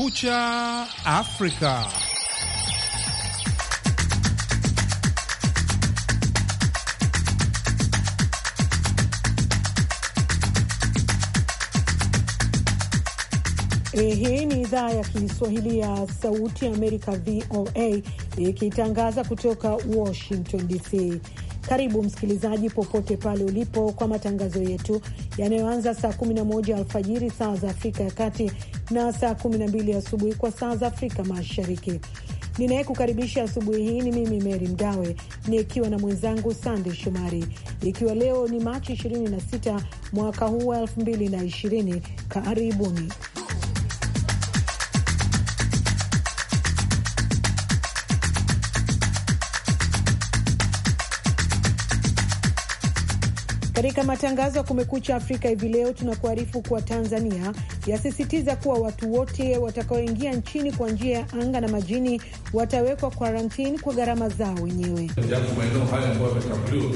Kumekucha Afrika. Hii ni idhaa ya Kiswahili ya Sauti ya Amerika, VOA, ikitangaza kutoka Washington DC. Karibu msikilizaji, popote pale ulipo, kwa matangazo yetu yanayoanza saa 11 alfajiri saa za Afrika ya Kati na saa 12 asubuhi kwa saa za Afrika Mashariki. Ninayekukaribisha asubuhi hii ni mimi Meri Mgawe nikiwa na mwenzangu Sande Shomari, ikiwa leo ni Machi 26 mwaka huu wa 2020. Karibuni. Katika matangazo ya Kumekucha Afrika hivi leo tunakuarifu kuwa Tanzania yasisitiza kuwa watu wote watakaoingia nchini kwa njia ya anga na majini watawekwa karantini kwa gharama zao wenyewe. Japo maeneo hayo ambayo yametambuliwa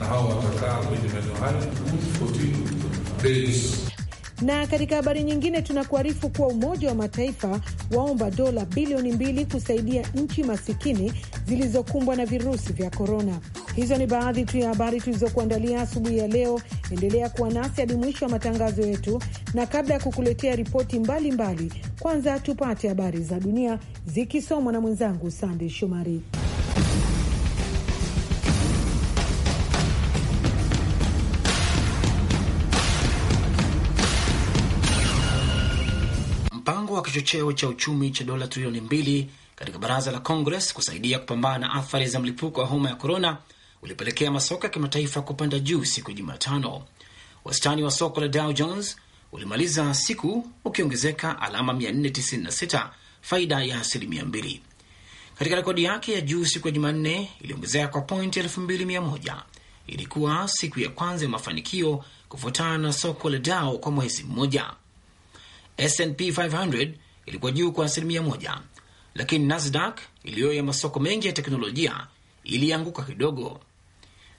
na hao watakaa kwenye maeneo hayo na katika habari nyingine tunakuarifu kuwa Umoja wa Mataifa waomba dola bilioni mbili kusaidia nchi masikini zilizokumbwa na virusi vya korona. Hizo ni baadhi tu ya habari tulizokuandalia asubuhi ya leo. Endelea kuwa nasi hadi mwisho wa matangazo yetu, na kabla ya kukuletea ripoti mbalimbali, kwanza tupate habari za dunia zikisomwa na mwenzangu Sandey Shomari. Mpango wa kichocheo cha uchumi cha dola trilioni mbili katika baraza la Congress kusaidia kupambana na athari za mlipuko wa homa ya korona ulipelekea masoko ya kimataifa kupanda juu siku ya Jumatano. Wastani wa soko la Dow Jones ulimaliza siku ukiongezeka alama 496, faida ya asilimia 2 katika rekodi yake ya juu siku ya Jumanne iliongezeka kwa pointi 2100. Ilikuwa siku ya kwanza ya mafanikio kufuatana na soko la Dow kwa mwezi mmoja. S&P 500 ilikuwa juu kwa asilimia moja, lakini Nasdaq iliyo ya masoko mengi ya teknolojia ilianguka kidogo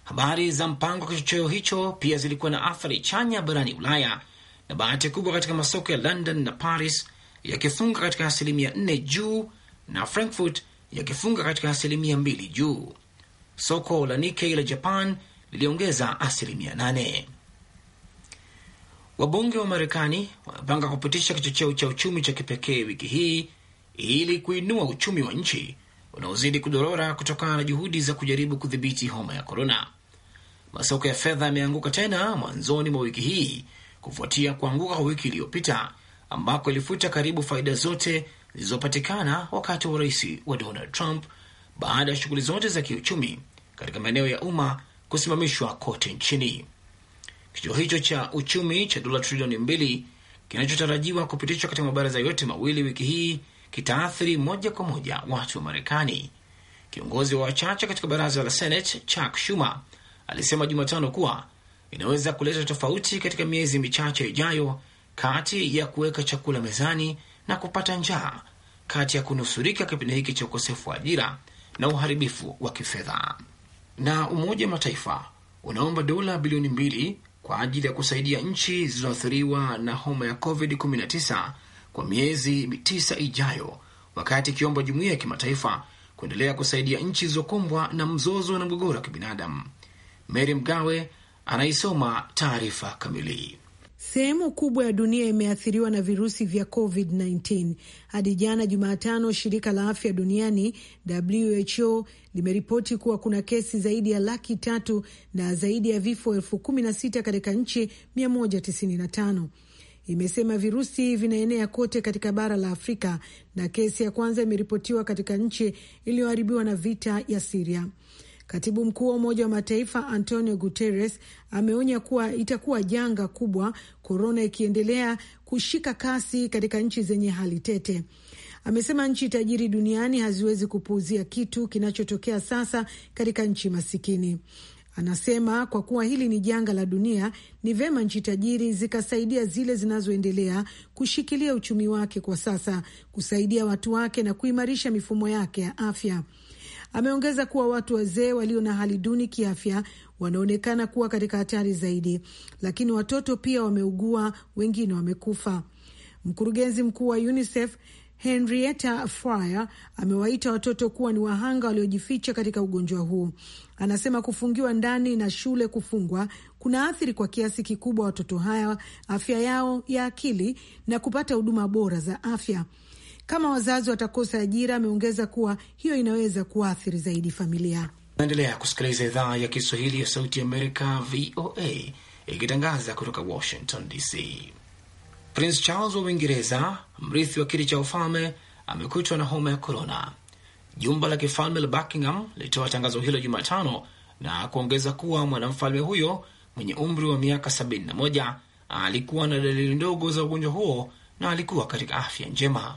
Habari za mpango wa kichocheo hicho pia zilikuwa na athari chanya barani Ulaya na bahati kubwa katika masoko ya London na Paris yakifunga katika asilimia nne juu na Frankfurt yakifunga katika asilimia mbili juu. Soko la Nikkei la Japan liliongeza asilimia nane. Wabunge wa Marekani wamepanga kupitisha kichocheo cha uchumi cha kipekee wiki hii ili kuinua uchumi wa nchi unaozidi kudorora kutokana na juhudi za kujaribu kudhibiti homa ya korona. Masoko ya fedha yameanguka tena mwanzoni mwa wiki hii kufuatia kuanguka kwa wiki iliyopita ambako ilifuta karibu faida zote zilizopatikana wakati wa urais wa Donald Trump baada ya shughuli zote za kiuchumi katika maeneo ya umma kusimamishwa kote nchini. Kicho hicho cha uchumi cha dola trilioni mbili kinachotarajiwa kupitishwa katika mabaraza yote mawili wiki hii kitaathiri moja kwa moja watu wa Marekani. Kiongozi wa wachache katika baraza la Senate Chuck Schumer alisema Jumatano kuwa inaweza kuleta tofauti katika miezi michache ijayo kati ya kuweka chakula mezani na kupata njaa, kati ya kunusurika kipindi hiki cha ukosefu wa ajira na uharibifu wa kifedha. Na Umoja wa Mataifa unaomba dola bilioni mbili kwa ajili ya kusaidia nchi zilizoathiriwa na homa ya COVID-19 kwa miezi tisa ijayo, wakati ikiomba jumuiya ya kimataifa kuendelea kusaidia nchi zilizokumbwa na mzozo na mgogoro wa kibinadamu. Mary Mgawe anaisoma taarifa kamili. Sehemu kubwa ya dunia imeathiriwa na virusi vya COVID-19. Hadi jana Jumatano, shirika la afya duniani WHO limeripoti kuwa kuna kesi zaidi ya laki tatu na zaidi ya vifo elfu kumi na sita katika nchi 195. Imesema virusi vinaenea kote katika bara la Afrika na kesi ya kwanza imeripotiwa katika nchi iliyoharibiwa na vita ya Siria. Katibu mkuu wa Umoja wa Mataifa Antonio Guterres ameonya kuwa itakuwa janga kubwa korona ikiendelea kushika kasi katika nchi zenye hali tete. Amesema nchi tajiri duniani haziwezi kupuuzia kitu kinachotokea sasa katika nchi masikini. Anasema kwa kuwa hili ni janga la dunia, ni vema nchi tajiri zikasaidia zile zinazoendelea kushikilia uchumi wake kwa sasa, kusaidia watu wake na kuimarisha mifumo yake ya afya. Ameongeza kuwa watu wazee walio na hali duni kiafya wanaonekana kuwa katika hatari zaidi, lakini watoto pia wameugua, wengine wamekufa. Mkurugenzi mkuu wa UNICEF Henrietta Fryer amewaita watoto kuwa ni wahanga waliojificha katika ugonjwa huu. Anasema kufungiwa ndani na shule kufungwa kuna athiri kwa kiasi kikubwa watoto hawa, afya yao ya akili na kupata huduma bora za afya kama wazazi watakosa ajira. Ameongeza kuwa hiyo inaweza kuathiri zaidi familia. Naendelea kusikiliza idhaa ya Kiswahili ya Sauti ya Amerika, VOA, ikitangaza kutoka Washington DC. Prince Charles wa Uingereza, mrithi wa kiti cha ufalme, amekutwa na homa ya korona. Jumba la kifalme la Buckingham lilitoa tangazo hilo Jumatano na kuongeza kuwa mwanamfalme huyo mwenye umri wa miaka 71 alikuwa na dalili ndogo za ugonjwa huo na alikuwa katika afya njema.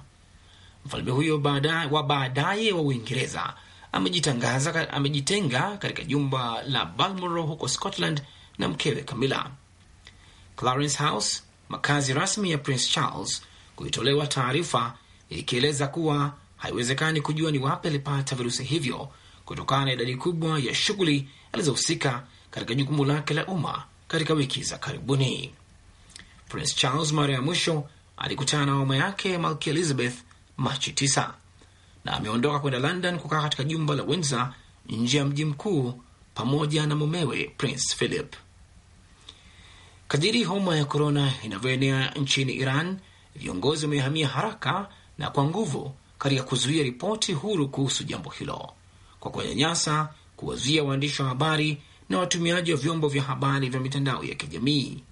Mfalme huyo baadaye wa baadaye wa Uingereza amejitangaza amejitenga katika jumba la Balmoral huko Scotland na mkewe Camilla. Clarence House, makazi rasmi ya Prince Charles, kuitolewa taarifa ikieleza kuwa haiwezekani kujua ni wapi alipata virusi hivyo kutokana na idadi kubwa ya shughuli alizohusika katika jukumu lake la umma katika wiki za karibuni. Prince Charles mara ya mwisho alikutana na mama yake Malkia Elizabeth Machi 9 na ameondoka kwenda London kukaa katika jumba la Windsor nje ya mji mkuu pamoja na mumewe Prince Philip. Kadiri homa ya korona inavyoenea nchini Iran, viongozi wamehamia haraka na kwa nguvu katika kuzuia ripoti huru kuhusu jambo hilo kwa kuwanyanyasa, kuwazuia waandishi wa habari na watumiaji wa vyombo vya habari vya mitandao ya kijamii.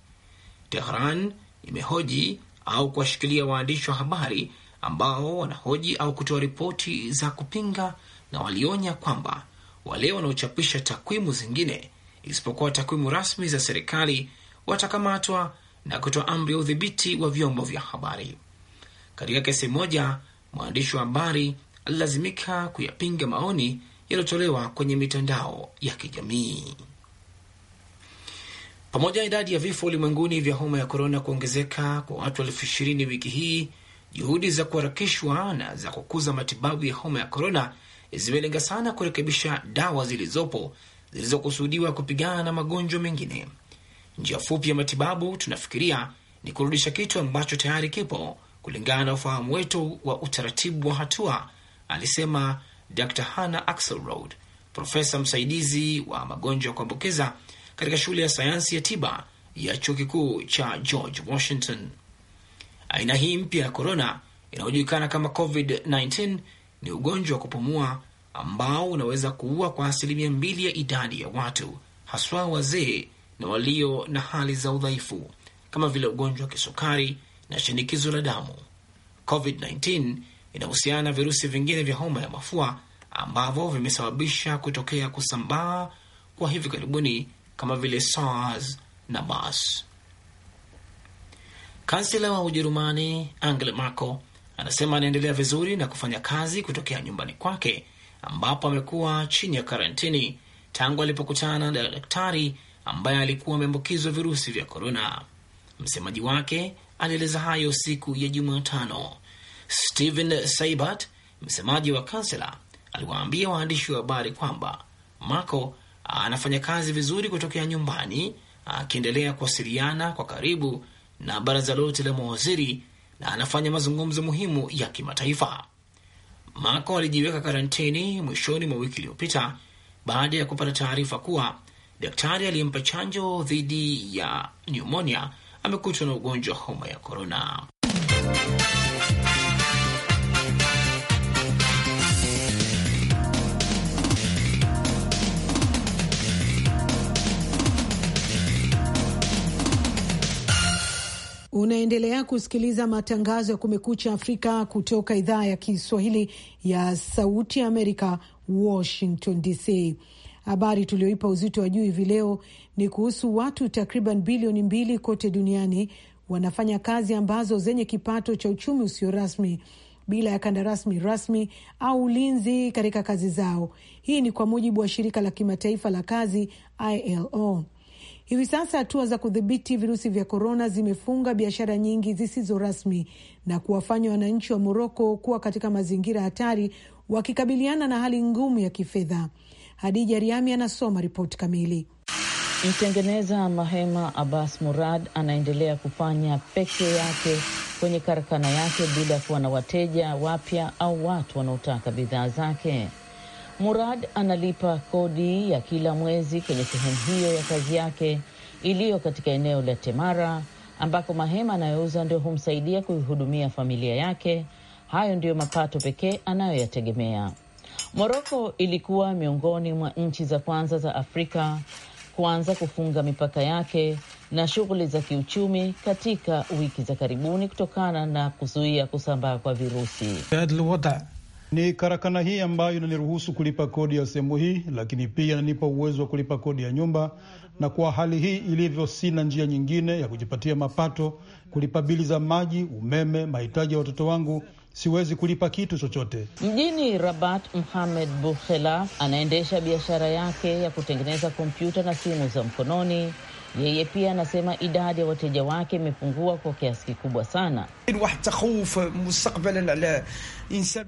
Tehran imehoji au kuwashikilia waandishi wa habari ambao wanahoji au kutoa ripoti za kupinga, na walionya kwamba wale wanaochapisha takwimu zingine isipokuwa takwimu rasmi za serikali watakamatwa na kutoa amri ya udhibiti wa vyombo vya habari. Katika kesi moja, mwandishi wa habari alilazimika kuyapinga maoni yaliyotolewa kwenye mitandao ya kijamii. Pamoja na idadi ya vifo ulimwenguni vya homa ya korona kuongezeka kwa watu elfu ishirini wiki hii Juhudi za kuharakishwa na za kukuza matibabu ya homa ya korona zimelenga sana kurekebisha dawa zilizopo zilizokusudiwa kupigana na magonjwa mengine. Njia fupi ya matibabu, tunafikiria, ni kurudisha kitu ambacho tayari kipo kulingana na ufahamu wetu wa utaratibu wa hatua, alisema Dr Hannah Axelrod, profesa msaidizi wa magonjwa ya kuambukiza katika shule ya sayansi ya tiba ya chuo kikuu cha George Washington. Aina hii mpya ya korona inayojulikana kama COVID-19 ni ugonjwa wa kupumua ambao unaweza kuua kwa asilimia mbili ya idadi ya watu, haswa wazee na walio na hali za udhaifu kama vile ugonjwa wa kisukari na shinikizo la damu. COVID-19 inahusiana na virusi vingine vya homa ya mafua ambavyo vimesababisha kutokea kusambaa kwa hivi karibuni kama vile SARS na MERS. Kansela wa Ujerumani Angela Merkel anasema anaendelea vizuri na kufanya kazi kutokea nyumbani kwake ambapo amekuwa chini ya karantini tangu alipokutana na daktari ambaye alikuwa ameambukizwa virusi vya korona. Msemaji wake alieleza hayo siku ya Jumatano. Steven Seibert, msemaji wa kansela, aliwaambia waandishi wa habari kwamba Marco anafanya kazi vizuri kutokea nyumbani, akiendelea kuwasiliana kwa karibu na baraza lote la mawaziri na anafanya mazungumzo muhimu ya kimataifa. Mako alijiweka karantini mwishoni mwa wiki iliyopita baada ya kupata taarifa kuwa daktari aliyempa chanjo dhidi ya nyumonia amekutwa na ugonjwa homa ya korona. Unaendelea kusikiliza matangazo ya Kumekucha Afrika kutoka idhaa ya Kiswahili ya Sauti ya Amerika, Washington DC. Habari tulioipa uzito wa juu hivi leo ni kuhusu watu takriban bilioni mbili kote duniani wanafanya kazi ambazo zenye kipato cha uchumi usio rasmi bila ya kandarasi rasmi au ulinzi katika kazi zao. Hii ni kwa mujibu wa shirika la kimataifa la kazi ILO. Hivi sasa hatua za kudhibiti virusi vya korona zimefunga biashara nyingi zisizo rasmi na kuwafanya wananchi wa Moroko kuwa katika mazingira hatari, wakikabiliana na hali ngumu ya kifedha. Hadija Riami anasoma ripoti kamili. Mtengeneza mahema Abbas Murad anaendelea kufanya peke yake kwenye karakana yake bila kuwa na wateja wapya au watu wanaotaka bidhaa zake. Murad analipa kodi ya kila mwezi kwenye sehemu hiyo ya kazi yake iliyo katika eneo la Temara ambako mahema anayouza ndio humsaidia kuihudumia familia yake. Hayo ndiyo mapato pekee anayoyategemea. Moroko ilikuwa miongoni mwa nchi za kwanza za Afrika kuanza kufunga mipaka yake na shughuli za kiuchumi katika wiki za karibuni kutokana na kuzuia kusambaa kwa virusi. Ni karakana hii ambayo inaniruhusu kulipa kodi ya sehemu hii, lakini pia inanipa uwezo wa kulipa kodi ya nyumba, na kwa hali hii ilivyo, sina njia nyingine ya kujipatia mapato, kulipa bili za maji, umeme, mahitaji ya watoto wangu siwezi kulipa kitu chochote mjini Rabat. muhamed Buhela anaendesha biashara yake ya kutengeneza kompyuta na simu za mkononi yeye pia anasema idadi ya wateja wake imepungua kwa kiasi kikubwa sana.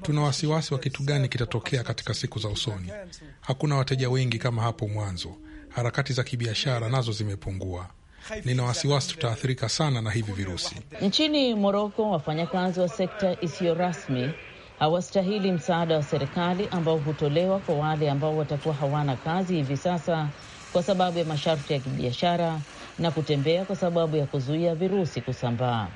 Tuna wasiwasi wa kitu gani kitatokea katika siku za usoni. Hakuna wateja wengi kama hapo mwanzo. Harakati za kibiashara nazo zimepungua. Nina wasiwasi tutaathirika sana na hivi virusi. Nchini Moroko, wafanyakazi wa sekta isiyo rasmi hawastahili msaada wa serikali ambao hutolewa kwa wale ambao watakuwa hawana kazi hivi sasa kwa sababu ya masharti ya kibiashara na kutembea kwa sababu ya kuzuia virusi kusambaa.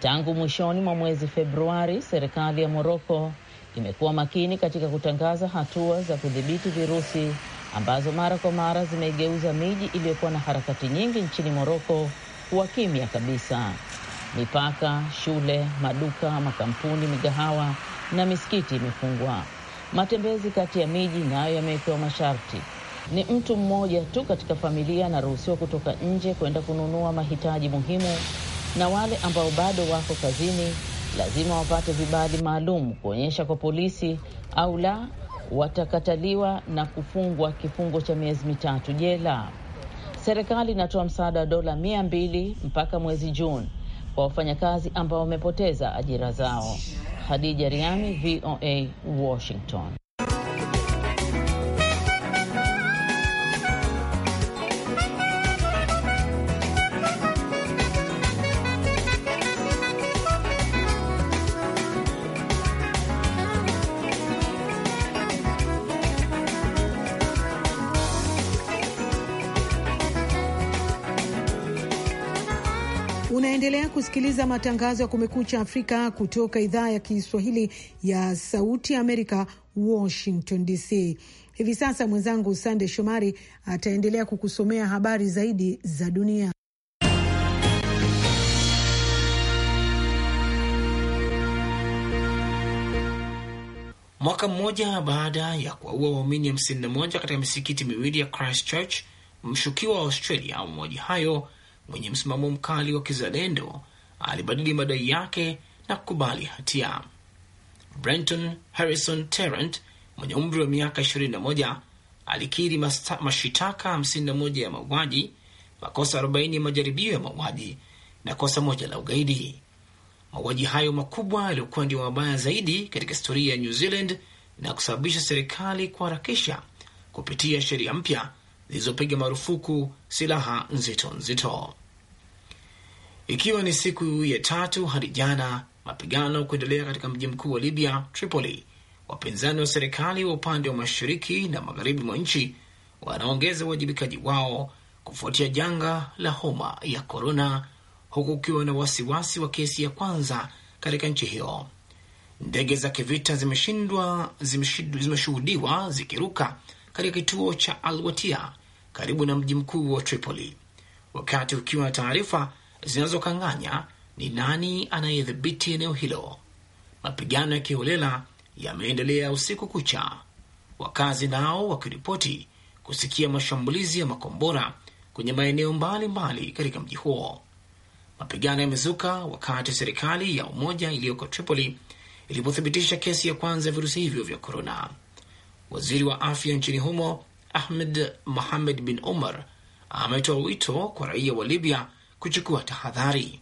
Tangu mwishoni mwa mwezi Februari, serikali ya Moroko imekuwa makini katika kutangaza hatua za kudhibiti virusi ambazo mara kwa mara zimeigeuza miji iliyokuwa na harakati nyingi nchini Moroko kuwa kimya kabisa. Mipaka, shule, maduka, makampuni, migahawa na misikiti imefungwa. Matembezi kati ya miji nayo yamewekewa masharti ni mtu mmoja tu katika familia anaruhusiwa kutoka nje kwenda kununua mahitaji muhimu, na wale ambao bado wako kazini lazima wapate vibali maalum kuonyesha kwa polisi, au la watakataliwa na kufungwa kifungo cha miezi mitatu jela. Serikali inatoa msaada wa dola mia mbili mpaka mwezi Juni kwa wafanyakazi ambao wamepoteza ajira zao. hadija Riami, VOA, Washington. kusikiliza matangazo ya Kumekucha Afrika kutoka idhaa ya Kiswahili ya Sauti Amerika, Washington DC. Hivi sasa mwenzangu Sande Shomari ataendelea kukusomea habari zaidi za dunia. Mwaka mmoja baada ya kuwaua waumini 51 katika misikiti miwili ya Christchurch, mshukiwa wa Australia mauaji hayo mwenye msimamo mkali wa kizalendo alibadili madai yake na kukubali hatia. Brenton Harrison Tarrant mwenye umri wa miaka 21 alikiri mashitaka 51 ya mauaji, makosa 40 ya majaribio ya mauaji na kosa moja la ugaidi. Mauaji hayo makubwa yaliyokuwa ndio mabaya zaidi katika historia ya New Zealand na kusababisha serikali kuharakisha kupitia sheria mpya zilizopiga marufuku silaha nzito nzito ikiwa ni siku ya tatu hadi jana, mapigano kuendelea katika mji mkuu wa Libya, Tripoli. Wapinzani wa serikali wa upande wa mashariki na magharibi mwa nchi wanaongeza uwajibikaji wao kufuatia janga la homa ya korona, huku ukiwa na wasiwasi wa kesi ya kwanza katika nchi hiyo. Ndege za kivita zimeshindwa zimeshuhudiwa zikiruka katika kituo cha Alwatia karibu na mji mkuu wa Tripoli, wakati ukiwa na taarifa zinazokanganya ni nani anayedhibiti eneo hilo. Mapigano ya kiholela yameendelea usiku kucha, wakazi nao wakiripoti kusikia mashambulizi ya makombora kwenye maeneo mbalimbali katika mji huo. Mapigano yamezuka wakati serikali ya umoja iliyoko Tripoli ilipothibitisha kesi ya kwanza ya virusi hivyo vya korona. Waziri wa afya nchini humo Ahmed Mohamed bin Omar ametoa wito kwa raia wa Libya kuchukua tahadhari.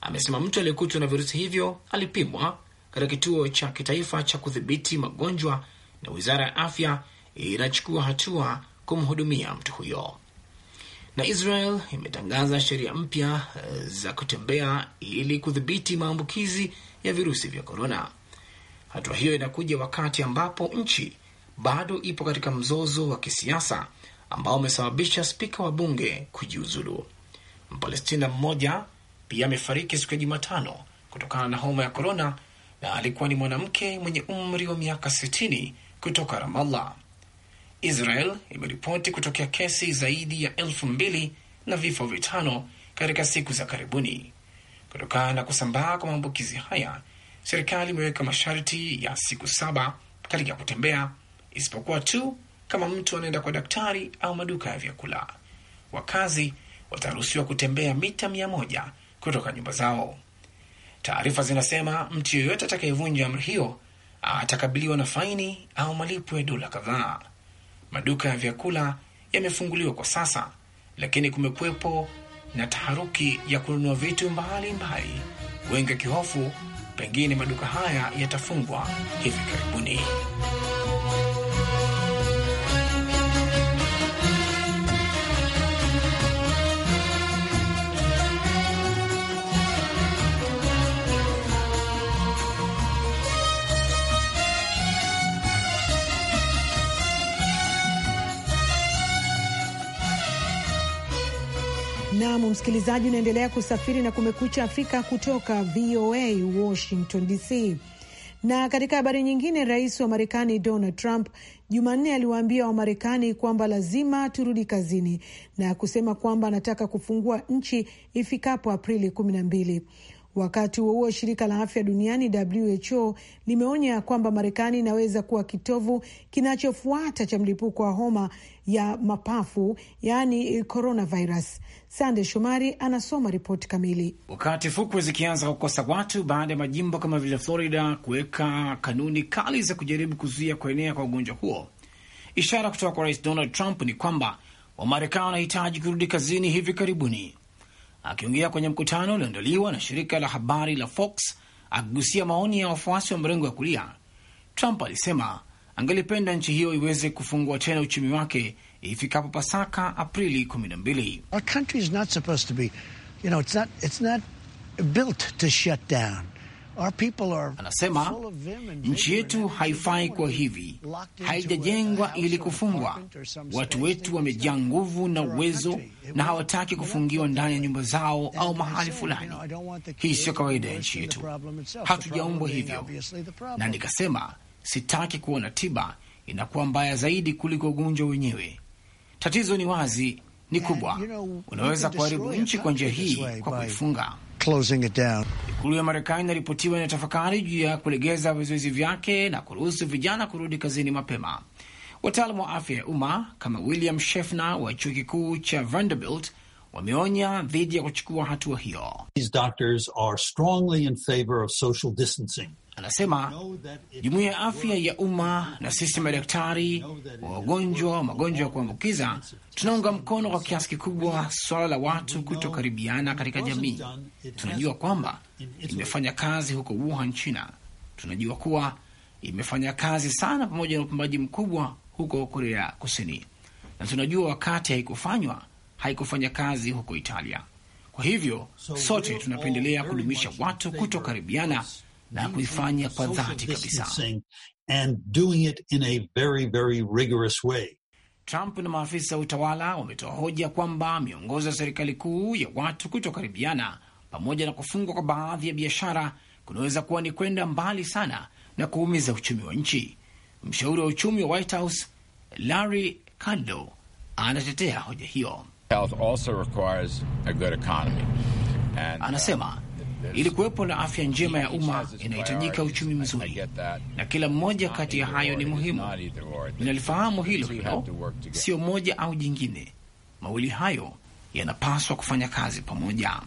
Amesema mtu aliyekutwa na virusi hivyo alipimwa katika kituo cha kitaifa cha kudhibiti magonjwa na wizara ya afya inachukua hatua kumhudumia mtu huyo. Na Israel imetangaza sheria mpya eh, za kutembea ili kudhibiti maambukizi ya virusi vya korona. Hatua hiyo inakuja wakati ambapo nchi bado ipo katika mzozo wa kisiasa ambao umesababisha spika wa bunge kujiuzulu. Mpalestina mmoja pia amefariki siku ya Jumatano kutokana na homa ya korona, na alikuwa ni mwanamke mwenye umri wa miaka 60 kutoka Ramallah. Israel imeripoti kutokea kesi zaidi ya elfu mbili na vifo vitano katika siku za karibuni kutokana na kusambaa kwa maambukizi haya. Serikali imeweka masharti ya siku saba katika kutembea, isipokuwa tu kama mtu anaenda kwa daktari au maduka ya vyakula. Wakazi wataruhusiwa kutembea mita mia moja kutoka nyumba zao. Taarifa zinasema mtu yeyote atakayevunja amri hiyo atakabiliwa na faini au malipo ya dola kadhaa. Maduka ya vyakula yamefunguliwa kwa sasa, lakini kumekwepo na taharuki ya kununua vitu mbalimbali, wengi wakihofu pengine maduka haya yatafungwa hivi karibuni. Nam msikilizaji, unaendelea kusafiri na Kumekucha Afrika kutoka VOA Washington DC. Na katika habari nyingine, rais wa Marekani Donald Trump Jumanne aliwaambia Wamarekani kwamba lazima turudi kazini na kusema kwamba anataka kufungua nchi ifikapo Aprili kumi na mbili. Wakati huo huo, shirika la afya duniani WHO limeonya kwamba Marekani inaweza kuwa kitovu kinachofuata cha mlipuko wa homa ya mapafu yaani coronavirus. Sande Shomari anasoma ripoti kamili. Wakati fukwe zikianza kukosa watu baada ya majimbo kama vile Florida kuweka kanuni kali za kujaribu kuzuia kuenea kwa ugonjwa huo, ishara kutoka kwa Rais Donald Trump ni kwamba Wamarekani wanahitaji kurudi kazini hivi karibuni. Akiongea kwenye mkutano ulioandaliwa na shirika la habari la Fox akigusia maoni ya wafuasi wa mrengo wa kulia, Trump alisema angelipenda nchi hiyo iweze kufungua tena uchumi wake ifikapo Pasaka Aprili 12. Anasema nchi yetu haifai kwa hivi, haijajengwa ili kufungwa. Watu wetu wamejaa nguvu na uwezo na hawataki kufungiwa ndani ya nyumba zao au mahali fulani. Hii siyo kawaida ya nchi yetu, hatujaumbwa hivyo. Na nikasema sitaki kuona tiba inakuwa mbaya zaidi kuliko ugonjwa wenyewe. Tatizo ni wazi, ni kubwa. Unaweza kuharibu nchi kwa njia hii, kwa kuifunga closing it down. Ikulu ya Marekani inaripotiwa inatafakari juu ya kulegeza vizuizi vyake na kuruhusu vijana kurudi kazini mapema. Wataalam wa afya ya umma kama William Shefner wa chuo kikuu cha Vanderbilt wameonya dhidi ya kuchukua hatua hiyo. These doctors are strongly in favor of social distancing. Anasema jumuiya ya afya ya umma na sisi madaktari wa wagonjwa wa magonjwa ya kuambukiza tunaunga mkono kwa kiasi kikubwa swala la watu kutokaribiana katika jamii. Tunajua kwamba imefanya kazi huko Wuhan, China. Tunajua kuwa imefanya kazi sana pamoja na upambaji mkubwa huko Korea Kusini, na tunajua wakati haikufanywa haikufanya kazi huko Italia. Kwa hivyo sote tunapendelea kudumisha watu kutokaribiana na kuifanya kwa dhati kabisa. Trump na maafisa wa utawala wametoa hoja kwamba miongozo ya serikali kuu ya watu kutokaribiana pamoja na kufungwa kwa baadhi ya biashara kunaweza kuwa ni kwenda mbali sana na kuumiza uchumi wa nchi. Mshauri wa uchumi wa White House Larry Kudlow anatetea hoja hiyo. Uh, Anasema ili kuwepo na afya njema ya umma, inahitajika uchumi mzuri, na kila mmoja kati ya hayo ni muhimu. Ninalifahamu hilo hilo, sio moja au jingine. Mawili hayo yanapaswa kufanya kazi pamoja.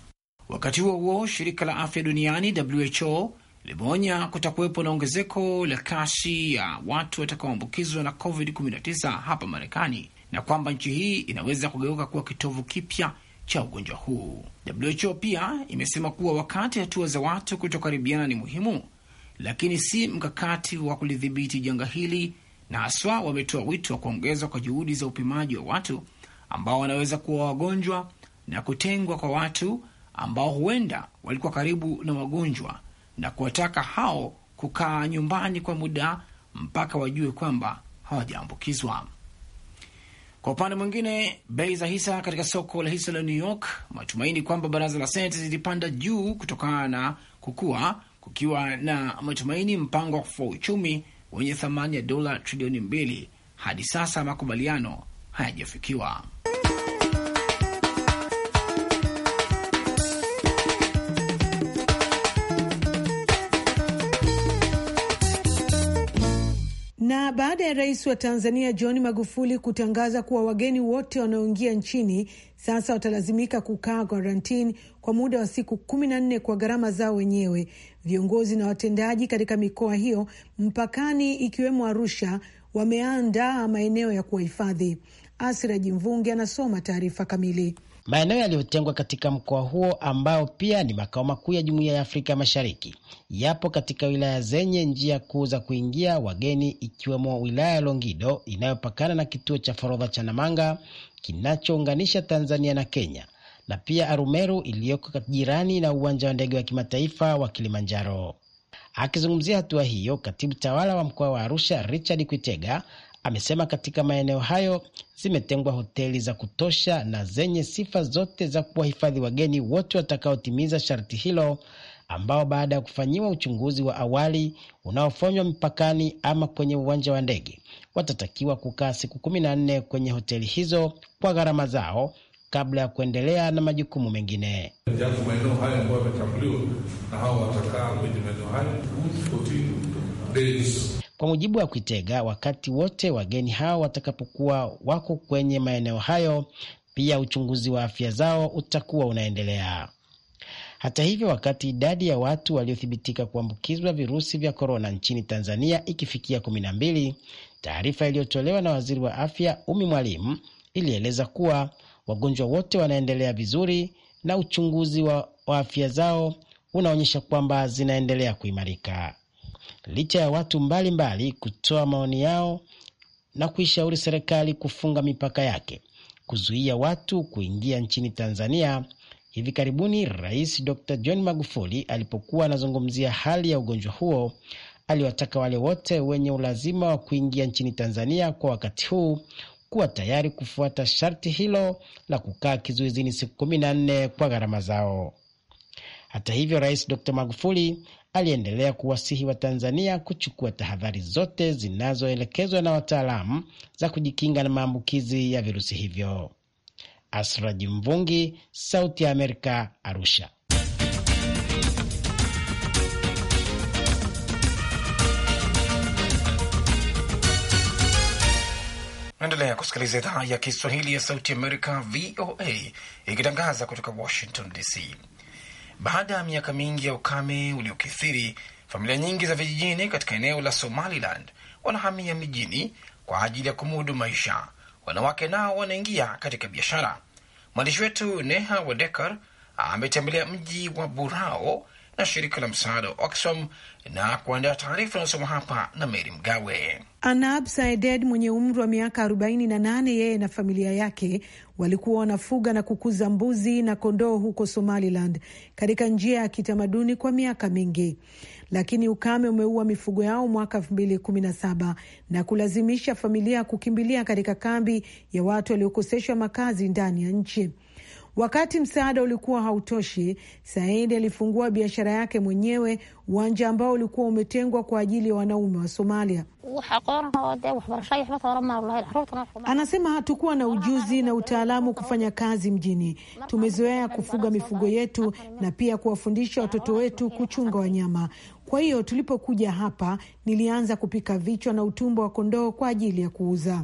Wakati huo huo, shirika la afya duniani WHO limeonya kutakuwepo na ongezeko la kasi ya watu watakaoambukizwa na COVID-19 hapa Marekani na kwamba nchi hii inaweza kugeuka kuwa kitovu kipya cha ugonjwa huu. WHO pia imesema kuwa wakati hatua za watu kutokaribiana ni muhimu, lakini si mkakati wa kulidhibiti janga hili, na haswa wametoa wito wa kuongezwa kwa juhudi za upimaji wa watu ambao wanaweza kuwa wagonjwa na kutengwa kwa watu ambao huenda walikuwa karibu na wagonjwa na kuwataka hao kukaa nyumbani kwa muda mpaka wajue kwamba hawajaambukizwa. Kwa upande mwingine, bei za hisa katika soko la hisa la New York, matumaini kwamba baraza la Seneti zilipanda juu kutokana na kukua kukiwa na matumaini mpango wa kufua uchumi wenye thamani ya dola trilioni mbili. Hadi sasa makubaliano hayajafikiwa. baada ya rais wa Tanzania John Magufuli kutangaza kuwa wageni wote wanaoingia nchini sasa watalazimika kukaa karantini kwa muda wa siku kumi na nne kwa gharama zao wenyewe, viongozi na watendaji katika mikoa hiyo mpakani ikiwemo Arusha wameandaa maeneo ya kuwahifadhi. Asira Jimvungi anasoma taarifa kamili maeneo yaliyotengwa katika mkoa huo ambao pia ni makao makuu ya Jumuiya ya Afrika Mashariki yapo katika wilaya zenye njia kuu za kuingia wageni ikiwemo wilaya ya Longido inayopakana na kituo cha forodha cha Namanga kinachounganisha Tanzania na Kenya na pia Arumeru iliyoko jirani na uwanja wa ndege wa kimataifa wa Kilimanjaro. Akizungumzia hatua hiyo, katibu tawala wa mkoa wa Arusha Richard Kwitega Amesema katika maeneo hayo zimetengwa hoteli za kutosha na zenye sifa zote za kuwahifadhi wageni wote watakaotimiza sharti hilo ambao baada ya kufanyiwa uchunguzi wa awali unaofanywa mpakani ama kwenye uwanja wa ndege watatakiwa kukaa siku kumi na nne kwenye hoteli hizo kwa gharama zao kabla ya kuendelea na majukumu mengine. maeneo hayo ambayo yametambuliwa na hao watakaa kwenye maeneo hayo kwa mujibu wa kuitega wakati wote wageni hao watakapokuwa wako kwenye maeneo hayo, pia uchunguzi wa afya zao utakuwa unaendelea. Hata hivyo, wakati idadi ya watu waliothibitika kuambukizwa virusi vya korona nchini Tanzania ikifikia kumi na mbili, taarifa iliyotolewa na waziri wa afya Umi Mwalimu ilieleza kuwa wagonjwa wote wanaendelea vizuri na uchunguzi wa afya zao unaonyesha kwamba zinaendelea kuimarika licha ya watu mbalimbali mbali kutoa maoni yao na kuishauri serikali kufunga mipaka yake kuzuia watu kuingia nchini Tanzania. Hivi karibuni Rais Dr John Magufuli alipokuwa anazungumzia hali ya ugonjwa huo aliwataka wale wote wenye ulazima wa kuingia nchini Tanzania kwa wakati huu kuwa tayari kufuata sharti hilo la kukaa kizuizini siku kumi na nne kwa gharama zao. Hata hivyo, Rais Dr Magufuli aliendelea kuwasihi Watanzania kuchukua tahadhari zote zinazoelekezwa na wataalamu za kujikinga na maambukizi ya virusi hivyo. Asraji Mvungi, Sauti ya Amerika, Arusha. Naendelea kusikiliza idhaa ya Kiswahili ya Sauti Amerika, VOA, ikitangaza kutoka Washington DC. Baada ya miaka mingi ya ukame uliokithiri, familia nyingi za vijijini katika eneo la Somaliland wanahamia mijini kwa ajili ya kumudu maisha. Wanawake nao wanaingia katika biashara. Mwandishi wetu Neha wadekar ametembelea mji wa Burao na shirika la msaada wa Oxfam na kuandaa taarifa inayosoma hapa na Meri Mgawe. Anab Saeded mwenye umri wa miaka 48, yeye na familia yake walikuwa wanafuga na kukuza mbuzi na kondoo huko Somaliland katika njia ya kitamaduni kwa miaka mingi, lakini ukame umeua mifugo yao mwaka 2017 na kulazimisha familia kukimbilia katika kambi ya watu waliokoseshwa makazi ndani ya nchi. Wakati msaada ulikuwa hautoshi, Said alifungua biashara yake mwenyewe, uwanja ambao ulikuwa umetengwa kwa ajili ya wanaume wa Somalia. Anasema, hatukuwa na ujuzi na utaalamu kufanya kazi mjini. Tumezoea kufuga mifugo yetu na pia kuwafundisha watoto wetu kuchunga wanyama. Kwa hiyo tulipokuja hapa, nilianza kupika vichwa na utumbo wa kondoo kwa ajili ya kuuza.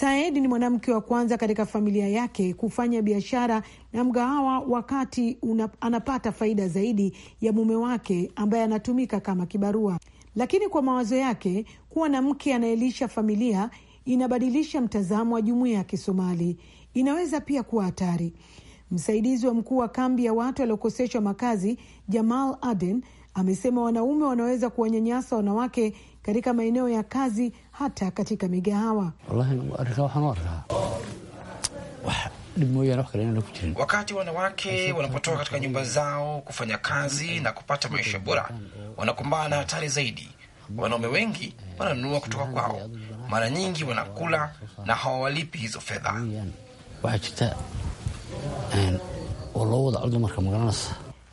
Saedi ni mwanamke wa kwanza katika familia yake kufanya biashara na mgahawa wakati una, anapata faida zaidi ya mume wake ambaye anatumika kama kibarua. Lakini kwa mawazo yake, kuwa na mke anayelisha familia inabadilisha mtazamo wa jumuiya ya Kisomali. Inaweza pia kuwa hatari. Msaidizi wa mkuu wa kambi ya watu waliokoseshwa makazi Jamal Aden amesema wanaume wanaweza kuwanyanyasa wanawake katika maeneo ya kazi, hata katika migahawa. Wakati wanawake wanapotoka katika nyumba zao kufanya kazi na kupata maisha bora, wanakumbana na hatari zaidi. Wanaume wengi wananunua kutoka kwao, mara nyingi wanakula na hawawalipi hizo fedha.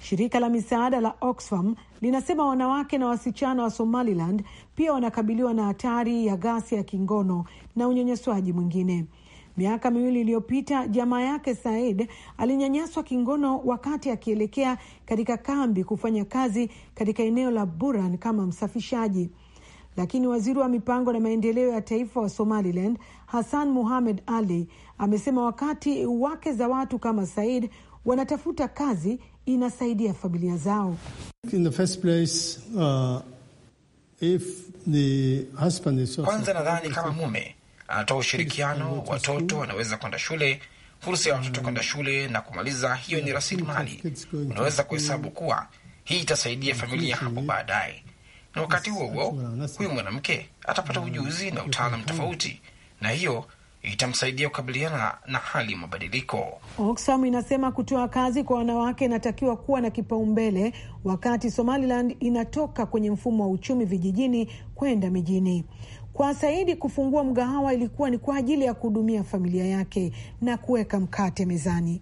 Shirika la misaada la Oxfam linasema wanawake na wasichana wa Somaliland pia wanakabiliwa na hatari ya ghasia ya kingono na unyanyaswaji mwingine. Miaka miwili iliyopita jamaa yake Said alinyanyaswa kingono wakati akielekea katika kambi kufanya kazi katika eneo la Buran kama msafishaji. Lakini waziri wa mipango na maendeleo ya taifa wa Somaliland Hassan Muhamed Ali amesema wakati wake za watu kama Said wanatafuta kazi inasaidia familia zao. In the first place, uh, if the husband is also... Kwanza nadhani kama mume anatoa ushirikiano, watoto wanaweza kwenda shule. Fursa ya watoto kwenda shule na kumaliza, hiyo ni rasilimali. Unaweza kuhesabu kuwa hii itasaidia familia hapo baadaye, na wakati huo huo huyu mwanamke atapata ujuzi na utaalam tofauti, na hiyo itamsaidia kukabiliana na hali ya mabadiliko. Oxfam inasema kutoa kazi kwa wanawake inatakiwa kuwa na kipaumbele wakati Somaliland inatoka kwenye mfumo wa uchumi vijijini kwenda mijini. Kwa Saidi kufungua mgahawa ilikuwa ni kwa ajili ya kuhudumia familia yake na kuweka mkate mezani.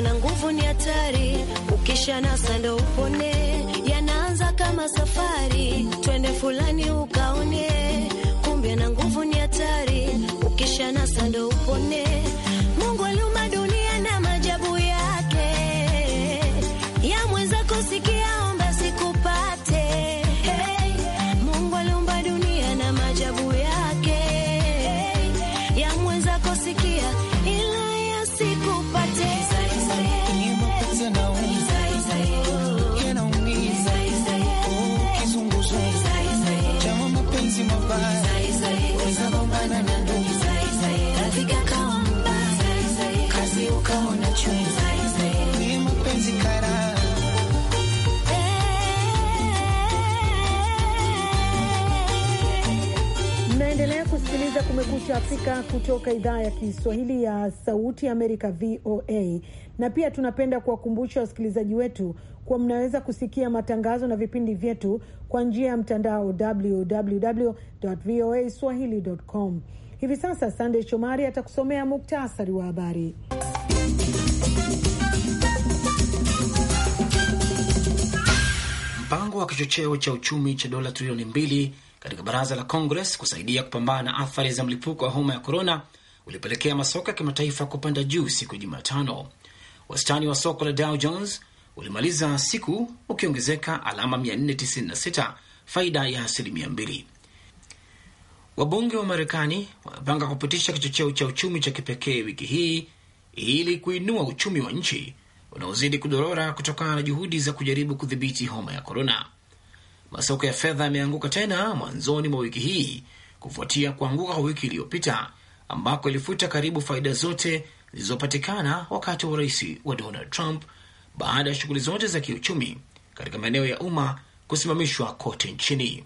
na nguvu ni hatari, ukisha nasa ndo upone. Yanaanza kama safari, twende fulani ukaone, kumbe na nguvu ni hatari, ukisha nasa ndo upone kusikiliza Kumekucha Afrika kutoka idhaa ya Kiswahili ya Sauti ya Amerika, VOA. Na pia tunapenda kuwakumbusha wasikilizaji wetu kuwa mnaweza kusikia matangazo na vipindi vyetu kwa njia ya mtandao www voa swahili.com. Hivi sasa Sandey Shomari atakusomea muktasari wa habari. Mpango wa kichocheo cha uchumi cha dola trilioni mbili katika baraza la Congress kusaidia kupambana na athari za mlipuko wa homa ya korona ulipelekea masoko ya kimataifa kupanda juu siku ya Jumatano. Wastani wa soko la Dow Jones ulimaliza siku ukiongezeka alama 496, faida ya asilimia 2. Wabunge wa Marekani wamepanga kupitisha kichocheo cha uchumi cha kipekee wiki hii ili kuinua uchumi wa nchi unaozidi kudorora kutokana na juhudi za kujaribu kudhibiti homa ya korona. Masoko ya fedha yameanguka tena mwanzoni mwa wiki hii kufuatia kuanguka kwa wiki iliyopita ambako ilifuta karibu faida zote zilizopatikana wakati wa urais wa Donald Trump baada ya shughuli zote za kiuchumi katika maeneo ya umma kusimamishwa kote nchini.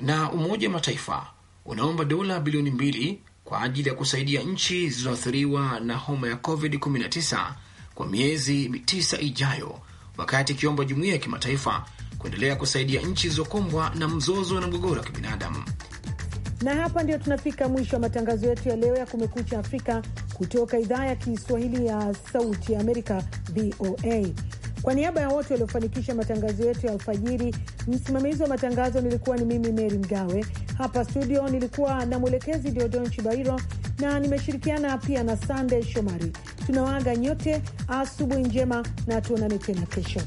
Na Umoja wa Mataifa unaomba dola bilioni mbili kwa ajili ya kusaidia nchi zilizoathiriwa na homa ya COVID-19 kwa miezi tisa ijayo wakati ikiomba jumuiya ya kimataifa kuendelea kusaidia nchi zilizokumbwa na mzozo na mgogoro wa kibinadamu. Na hapa ndio tunafika mwisho wa matangazo yetu ya leo ya Kumekucha Afrika kutoka idhaa ya Kiswahili ya Sauti ya Amerika, VOA. Kwa niaba ya wote waliofanikisha matangazo yetu ya alfajiri, msimamizi wa matangazo nilikuwa ni mimi Meri Mgawe. Hapa studio nilikuwa na mwelekezi Diodon Chibairo na nimeshirikiana pia na Sandey Shomari. Tunawaaga nyote, asubuhi njema na tuonane tena kesho.